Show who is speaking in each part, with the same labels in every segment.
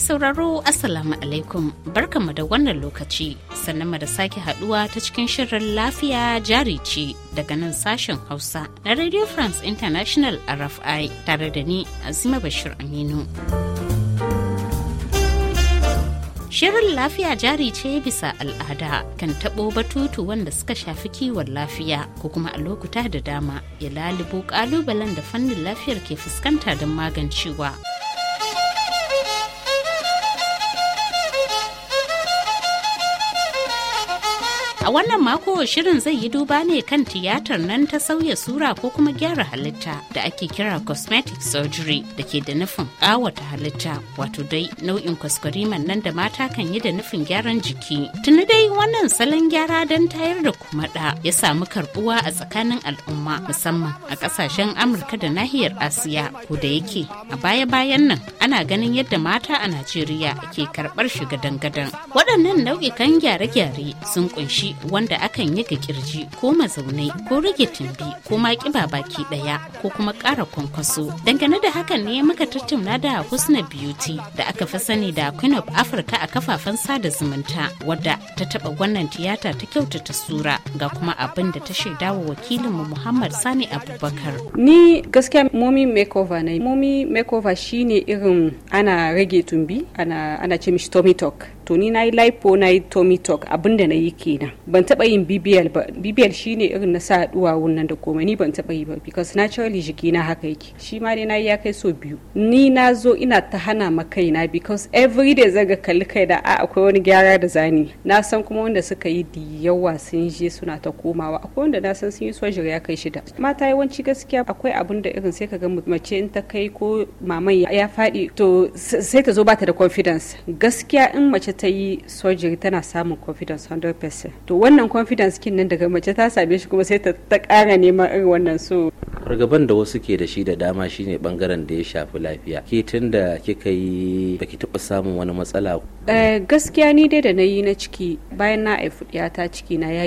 Speaker 1: sauraro Assalamu alaikum barkanmu da wannan lokaci sannan da sake haduwa ta cikin shirin lafiya jari ce daga nan sashen Hausa na Radio France International RFI tare da ni Azima Bashir Aminu. Shirin lafiya jari ce bisa al'ada kan taɓo batutu wanda suka shafi kiwon lafiya ko kuma a lokuta da dama ya lalubo ƙalubalen da fannin lafiyar ke fuskanta don magancewa. A wannan mako shirin zai yi duba ne kan tiyatar nan ta sauya sura ko kuma gyara halitta da ake kira cosmetic surgery da ke da nufin ƙawata halitta wato dai nau'in kwaskwariman nan da mata kan yi da nufin gyaran jiki. Tuni dai wannan salon gyara don tayar da kumaɗa ya samu karbuwa a tsakanin al'umma musamman a ƙasashen Amurka da nahiyar Asiya ko da yake a baya-bayan nan ana ganin yadda mata a Najeriya ke karɓar shiga dangadan. Waɗannan nau'ikan gyare-gyare sun ƙunshi wanda akan yi ga kirji ko mazaunai ko rage tumbi ko ma kiba baki daya ko kuma ƙara kwankwaso. Dangane da hakan ne muka tattauna da Husna Beauty da aka fi sani da Queen of Africa a kafafen sada zumunta wadda ta taba wannan tiyata ta kyautata sura ga kuma abin da ta shaida wa mu Muhammad Sani Abubakar.
Speaker 2: Ni gaskiya momi makeover ne momi makeover shine irin ana rage tumbi ana ana ce mishi tummy to ni yi lipo yi tummy talk abinda na yi kenan ban taba yin bbl ba bbl shine irin na sa duwawun nan da komai ni ban taba yi ba because naturally jiki na haka yake shi ma dai nayi ya kai so biyu ni na zo ina ta hana ma kaina because every day zaga kalli kai da a akwai wani gyara da zani na san kuma wanda suka yi da yawa sun je suna ta komawa akwai wanda na san sun yi surgery ya kai shida mata yawanci gaskiya akwai abin da irin sai ka ga mace in ta kai ko maman ya faɗi to sai ta zo bata da confidence gaskiya in mace ta yi surgery tana samun confidence 100% to wannan confidence kin nan daga mace ta same shi kuma sai ta ƙara neman irin wannan so
Speaker 3: fargaban da wasu ke da shi da dama shine bangaren da ya shafi lafiya ke tun da kika yi baki taba samun wani matsala
Speaker 2: eh, gaskiya ni dai da na yi na ciki bayan na haifi ta ciki na ya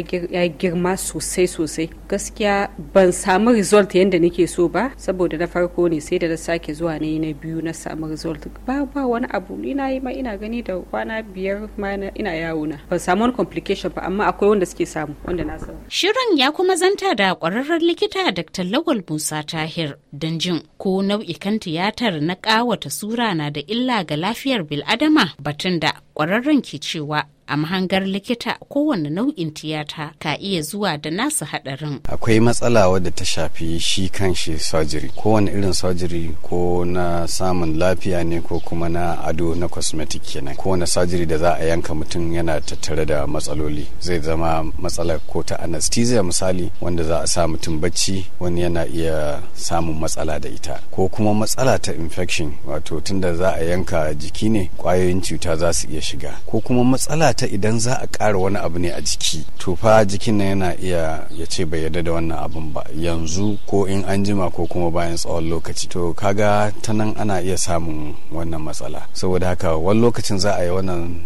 Speaker 2: girma sosai sosai gaskiya ban samu result yadda nake so ba saboda na farko ne sai da na sake zuwa na yi na biyu na samu result ba ba wani abu ni na yi ma ina gani da kwana biyar ma ina yawo na ban samu wani complication ba amma akwai wanda suke samu wanda na samu
Speaker 1: Shirin ya kuma zanta da ƙwararren likita Dr. Lawal Musa Tahir danjin ko nau'ikan tiyatar na ƙawata sura na da illa ga lafiyar bil'adama batun da ƙwararren ke cewa a mahangar likita kowane nau'in tiyata ka iya zuwa da nasu haɗarin.
Speaker 4: Akwai matsala wadda ta shafi shi kan shi surgery kowane irin surgery ko na samun lafiya ne ko kuma na ado na cosmetic kenan kowane surgery da za a yanka mutum yana tattare da matsaloli zai zama matsala ko ta anesthesia misali wanda za a sa mutum bacci wani yana iya samun matsala da ita ko kuma matsala ta infection wato tunda za a yanka jiki ne kwayoyin cuta za su iya shiga ko kuma matsala ta idan za a ƙara wani abu ne a jiki to fa jikin na yana iya ya ce bai yarda da wannan abun ba yanzu ko in an jima ko kuma bayan tsawon lokaci to kaga ta nan ana iya samun wannan matsala saboda haka wani lokacin za a yi wannan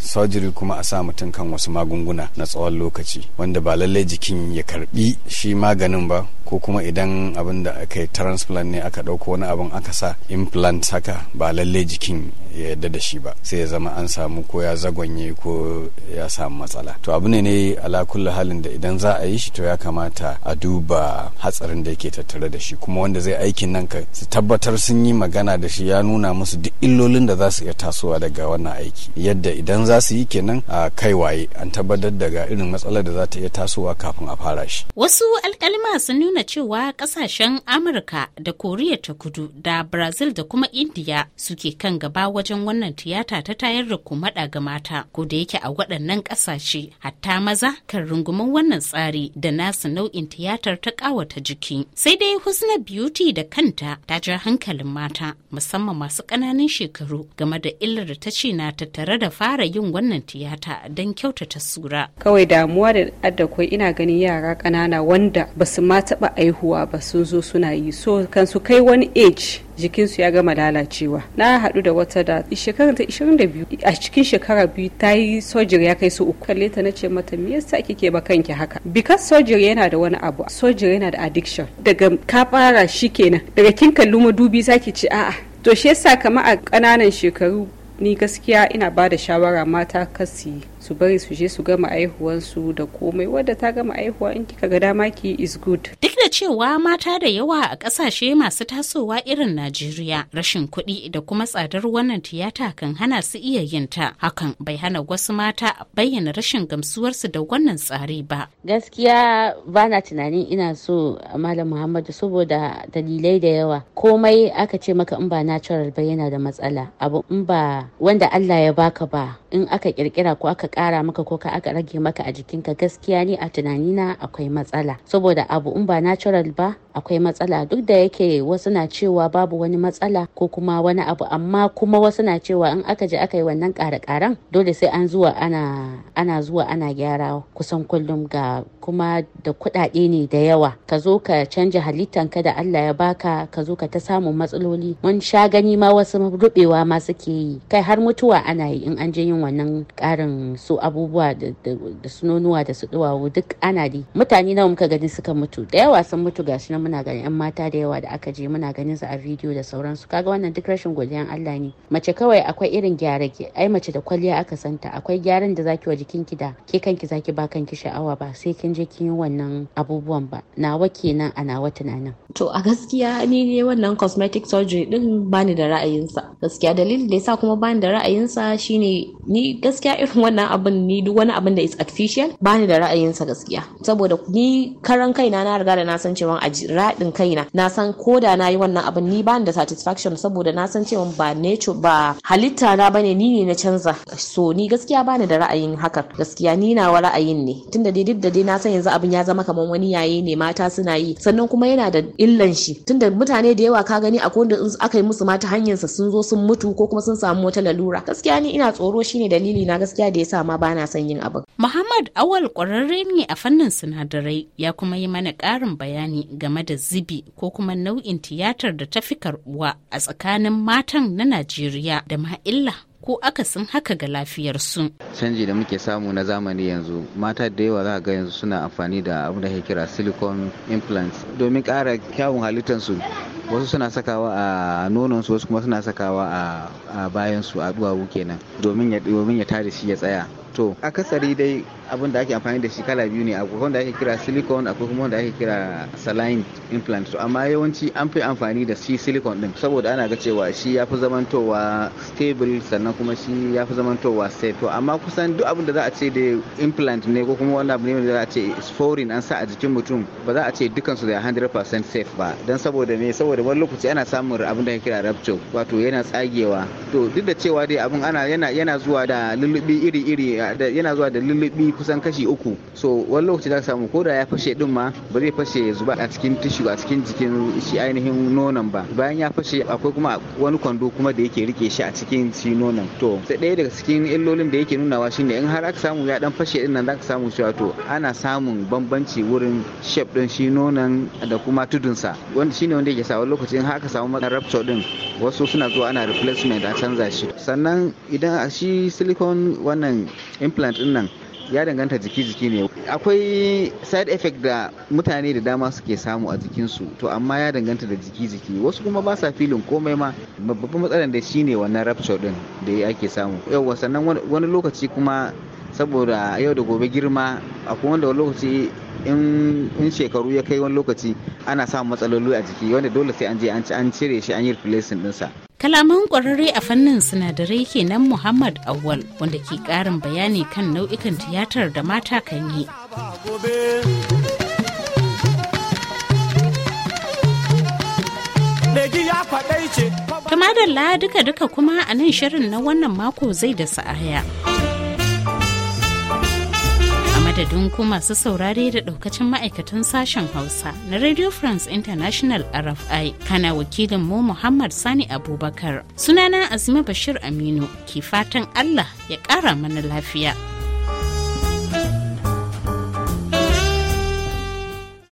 Speaker 4: surgery kuma a sa mutum kan wasu magunguna na tsawon lokaci wanda ba lallai jikin ya karbi shi maganin ba ko kuma idan abin da aka yi transplant ne aka ɗauko wani abin aka sa implant haka ba lallai jikin ya yadda da shi ba sai ya zama an samu ko ya zagonye ko ya samu matsala to abu ne ne alakulla halin da idan za a yi shi to ya kamata a duba hatsarin da yake tattare da shi kuma wanda zai aikin nan ka su tabbatar sun yi magana da shi ya nuna musu duk illolin da za su iya tasowa daga wannan aiki yadda idan za su yi kenan a kai waye an tabbatar daga irin matsalar da za ta iya tasowa kafin a fara shi.
Speaker 1: Wasu alkalima sun nuna cewa ƙasashen Amurka da Koriya ta Kudu da Brazil da kuma Indiya suke kan gaba wajen wannan tiyata ta tayar da kuma ga mata ko da yake a waɗannan ƙasashe hatta maza kan rungumin wannan tsari da nasu nau'in tiyatar ta ƙawata jiki. Sai dai Husna Beauty da kanta ta ja hankalin mata musamman masu ƙananan shekaru game da illar da ta ce na tattare da fara yin wannan tiyata don kyautata sura.
Speaker 2: Kawai damuwa da addakwai ina ganin yara ƙanana wanda ba su ma taɓa aihuwa ba sun zo suna yi so kan kai wani age jikinsu ya gama lalacewa na haɗu da wata da shekarar ta 22 a cikin shekara biyu ta yi sojiri ya kai su uku kalle ta nace mata me yasa kike ba kanki haka because sojiri yana da wani abu sojiri yana da addiction daga ka fara shikenan daga kin kalli madubi zaki ci a'a to shi yasa kamar a ƙananan shekaru ni gaskiya ina ba da shawara mata kasi su bari su je su gama aihuwansu da komai wadda ta gama aihuwa in kika ga dama ki is good
Speaker 1: da cewa mata da yawa a ƙasashe masu tasowa irin Najeriya rashin kuɗi da kuma tsadar wannan tiyata kan hana su iya yin ta. Hakan bai hana wasu mata bayyana rashin gamsuwarsu da wannan tsari ba.
Speaker 5: Gaskiya ba na tunanin ina so Malam Muhammadu saboda dalilai da yawa. Komai aka ce maka in ba natural ba yana da matsala. Abu in ba wanda Allah ya baka ba in aka kirkira ko aka ƙara maka ko ka aka rage maka a jikinka gaskiya ni a tunanina akwai matsala. Saboda abu in ba natural ba akwai matsala duk da yake wasu na cewa babu wani matsala ko kuma wani abu amma kuma wasu na cewa in aka je aka yi wannan ƙare-ƙaren dole sai an zuwa ana ana zuwa ana gyara kusan kullum ga kuma da kuɗaɗe ne da yawa ka zo ka canja halittan ka da Allah ya baka ka zo ka ta samu matsaloli mun sha gani ma wasu rubewa ma suke yi kai har mutuwa ana yi in an je yin wannan ƙarin su abubuwa da sunonuwa da su duwawu duk ana di mutane nawa muka gani suka mutu da yawa sun mutu gasu nan muna ganin yan mata da yawa da aka je muna ganin su a bidiyo da sauransu kaga wannan duk rashin godiyan Allah ne mace kawai akwai irin gyara ai mace da kwalliya aka santa akwai gyaran da zaki wa jikinki da ke kanki zaki ba kanki sha'awa ba sai kin je kin yi wannan abubuwan ba nawa kenan a nawa tunanin to a gaskiya ni ne wannan cosmetic surgery din bani da ra'ayinsa gaskiya dalilin da yasa kuma bani da ra'ayinsa shine ni gaskiya irin wannan abin ni duk wani abin da is artificial bani da ra'ayinsa gaskiya saboda ni karan kaina na riga da na na san cewa a raɗin kaina na san ko da na yi wannan abin ni bani da satisfaction saboda na san cewa ba nature ba halitta na bane ni ne na canza so ni gaskiya bani da ra'ayin haka gaskiya ni na wa ra'ayin ne tunda dai da dai na san yanzu abin ya zama kamar wani yaye ne mata suna yi sannan kuma yana da illan shi tunda mutane da yawa ka gani a kodin in aka yi musu mata hanyar sa sun zo sun mutu ko kuma sun samu wata lalura gaskiya ni ina tsoro shine dalili na gaskiya da yasa ma bana san yin abin
Speaker 1: Muhammad Awal kwararre ne a fannin sinadarai ya kuma yi mana ƙarin bayani bayani game da zibi ko kuma nau'in tiyatar da ta fi karbuwa a tsakanin matan na Najeriya da mailla illa ko akasin haka ga lafiyarsu.
Speaker 3: Canji da muke samu na zamani yanzu mata da yawa za ga yanzu suna amfani da abin da kira silicone implants domin kara kyawun halittarsu wasu suna sakawa a nononsu wasu kuma suna sakawa a bayansu a duwawu kenan domin ya tare shi ya tsaya to akasari dai abin da ake amfani da shi kala biyu ne akwai wanda ake kira silicone akwai kuma wanda ake kira saline implant to amma yawanci an fi amfani da shi silicone din saboda ana ga cewa shi ya fi zamantowa stable sannan kuma shi ya fi zamantowa safe to amma kusan duk abin da za a ce da implant ne ko kuma wani abu ne da za a ce is foreign an sa a jikin mutum ba za a ce dukansu da 100% safe ba dan saboda me saboda wani lokaci ana samun abin da ake kira rupture wato yana tsagewa to duk da cewa dai abin ana yana yana zuwa da lullubi iri-iri yana zuwa da lullubi kusan kashi uku so wani lokaci za ka samu ko da ya fashe din ma ba zai fashe zuba a cikin tishu a cikin jikin shi ainihin nonon ba bayan ya fashe akwai kuma wani kwando kuma da yake rike shi a cikin shi nonon to sai ɗaya daga cikin illolin da yake nunawa shine in har aka samu ya dan fashe din nan za ka samu cewa to ana samun bambanci wurin shape din shi nonon da kuma tudunsa wanda shine wanda yake sa wani lokacin har aka samu matsalar rupture din wasu suna zuwa ana replacement a canza shi sannan idan a shi silicon wannan implant din nan ya danganta jiki-jiki ne akwai side effect da mutane da dama suke samu a jikinsu to amma ya danganta da jiki-jiki wasu kuma ba sa filin komai ma babban matsalar da shine wannan rapture din da ake samu yauwa sannan wani lokaci kuma saboda yau da gobe girma akwai wanda wani lokaci in shekaru ya kai wani lokaci ana samun matsaloli a jiki wanda dole sai an je an cire shi an yi replacing dinsa
Speaker 1: Kalaman ƙwararre a fannin sinadarai kenan Muhammad Awal wanda ke ƙarin bayani kan nau'ikan tiyatar da mata kan yi. Kama da duka-duka kuma a nan shirin na wannan mako zai da sa'aya. madadin ku masu saurare da daukacin ma'aikatan sashen hausa na radio france international rfi kana wakilin mu muhammad sani abubakar sunana azima bashir aminu ke fatan allah ya kara mana lafiya.